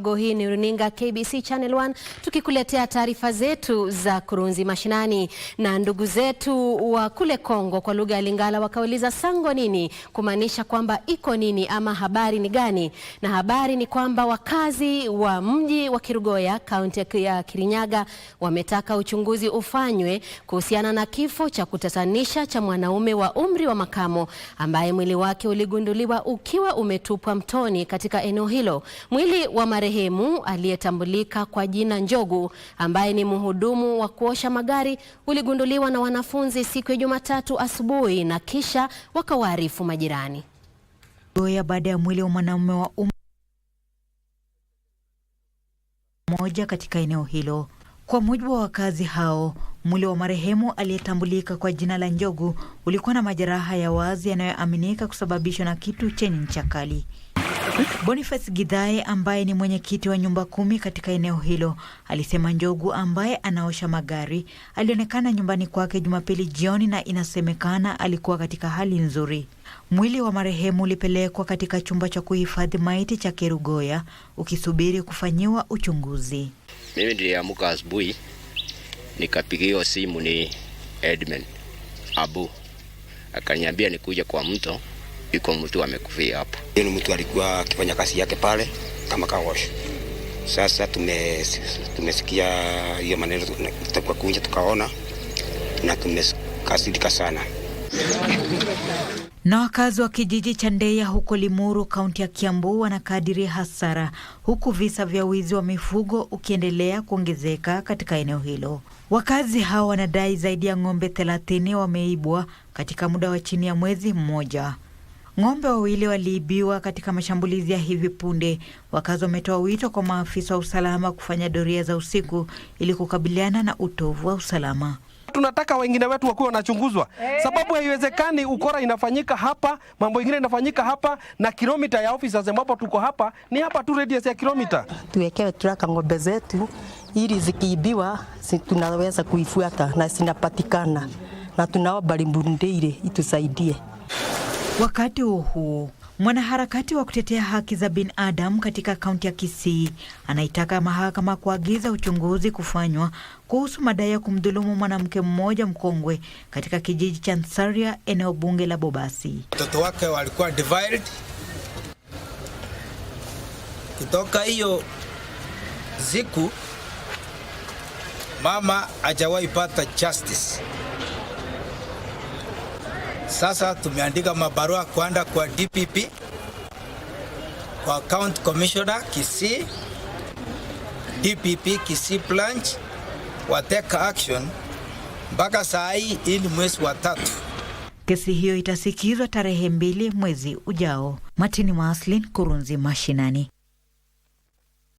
Go hii ni runinga KBC Channel 1 tukikuletea taarifa zetu za kurunzi mashinani. Na ndugu zetu wa kule Kongo kwa lugha ya Lingala wakauliza sango nini, kumaanisha kwamba iko nini ama habari ni gani. Na habari ni kwamba wakazi wa mji wa Kirugoya kaunti ya Kirinyaga wametaka uchunguzi ufanywe kuhusiana na kifo cha kutatanisha cha mwanaume wa umri wa makamo ambaye mwili wake uligunduliwa ukiwa umetupwa mtoni katika eneo hilo. Mwili wa mare marehemu aliyetambulika kwa jina Njogu ambaye ni mhudumu wa kuosha magari uligunduliwa na wanafunzi siku ya Jumatatu asubuhi na kisha wakawaarifu majirani. Goya baada ya mwili wa mwanaume wa umri mmoja katika eneo hilo. Kwa mujibu wa wakazi hao, mwili wa marehemu aliyetambulika kwa jina la Njogu ulikuwa na majeraha ya wazi yanayoaminika kusababishwa na kitu chenye ncha kali. Boniface gidhae ambaye ni mwenyekiti wa nyumba kumi katika eneo hilo alisema Njogu ambaye anaosha magari alionekana nyumbani kwake Jumapili jioni na inasemekana alikuwa katika hali nzuri. Mwili wa marehemu ulipelekwa katika chumba cha kuhifadhi maiti cha Kerugoya ukisubiri kufanyiwa uchunguzi. Mimi niliamka asubuhi nikapigiwa simu ni Edmund Abu akaniambia nikuja kwa mto iko mtu amekufia hapo. Yule mtu alikuwa akifanya kazi yake pale kama kawash. Sasa tume tumesikia hiyo maneno tutakuwa kunja, tukaona na tumekasirika sana. Na wakazi wa kijiji cha Ndeya huko Limuru, kaunti ya Kiambu wanakadiria hasara, huku visa vya wizi wa mifugo ukiendelea kuongezeka katika eneo hilo. Wakazi hao wanadai zaidi ya ng'ombe 30 wameibwa katika muda wa chini ya mwezi mmoja. Ng'ombe wawili waliibiwa katika mashambulizi ya hivi punde. Wakazi wametoa wito kwa maafisa wa usalama kufanya doria za usiku ili kukabiliana na utovu wa usalama. Tunataka wengine wetu wakuwe wanachunguzwa, eh. sababu haiwezekani ukora inafanyika hapa, mambo ingine inafanyika hapa, na kilomita ya ofisi ambapo tuko hapa ni hapa tu, radius ya kilomita. Tuwekewe traka ng'ombe zetu, ili zikiibiwa tunaweza kuifuata na zinapatikana, na tunaomba Limbu itusaidie. Wakati huo huo, mwanaharakati wa kutetea haki za binadamu katika kaunti ya Kisii anaitaka mahakama kuagiza uchunguzi kufanywa kuhusu madai ya kumdhulumu mwanamke mmoja mkongwe katika kijiji cha Nsaria, eneo bunge la Bobasi. Mtoto wake walikuwa divided kutoka hiyo siku, mama hajawahi pata justice. Sasa tumeandika mabarua kwenda kwa DPP, kwa County Commissioner Kisii, DPP Kisii branch take action mpaka saa hii ili mwezi wa tatu. Kesi hiyo itasikizwa tarehe mbili mwezi ujao. Martin maslin Kurunzi Mashinani.